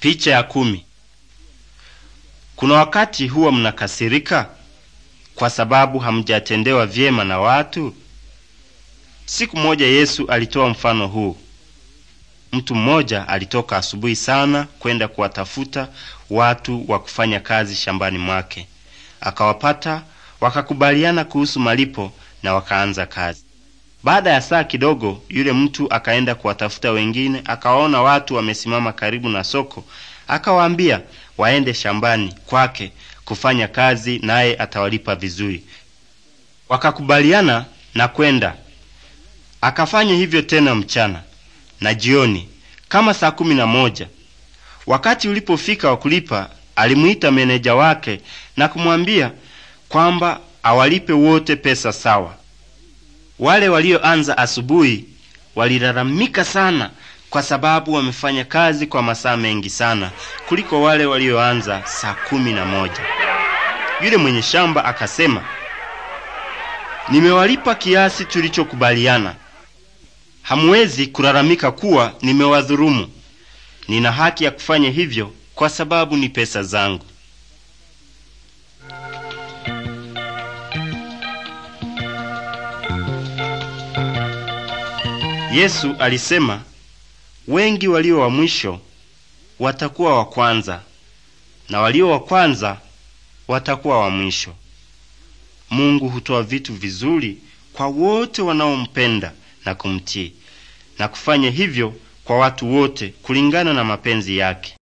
Picha ya kumi. Kuna wakati huwa mnakasirika kwa sababu hamjatendewa vyema na watu. Siku moja Yesu alitoa mfano huu. Mtu mmoja alitoka asubuhi sana kwenda kuwatafuta watu wa kufanya kazi shambani mwake. Akawapata, wakakubaliana kuhusu malipo na wakaanza kazi. Baada ya saa kidogo, yule mtu akaenda kuwatafuta wengine, akawaona watu wamesimama karibu na soko, akawaambia waende shambani kwake kufanya kazi, naye atawalipa vizuri. Wakakubaliana na kwenda. Akafanya hivyo tena mchana na jioni, kama saa kumi na moja. Wakati ulipofika wa kulipa, alimuita meneja wake na kumwambia kwamba awalipe wote pesa sawa. Wale walioanza asubuhi walilalamika sana kwa sababu wamefanya kazi kwa masaa mengi sana kuliko wale walioanza saa kumi na moja. Yule mwenye shamba akasema, nimewalipa kiasi tulichokubaliana, hamuwezi kulalamika kuwa nimewadhulumu. Nina haki ya kufanya hivyo kwa sababu ni pesa zangu. Yesu alisema, wengi walio wa mwisho watakuwa wa kwanza na walio wa kwanza watakuwa wa mwisho. Mungu hutoa vitu vizuri kwa wote wanaompenda na kumtii na kufanya hivyo kwa watu wote kulingana na mapenzi yake.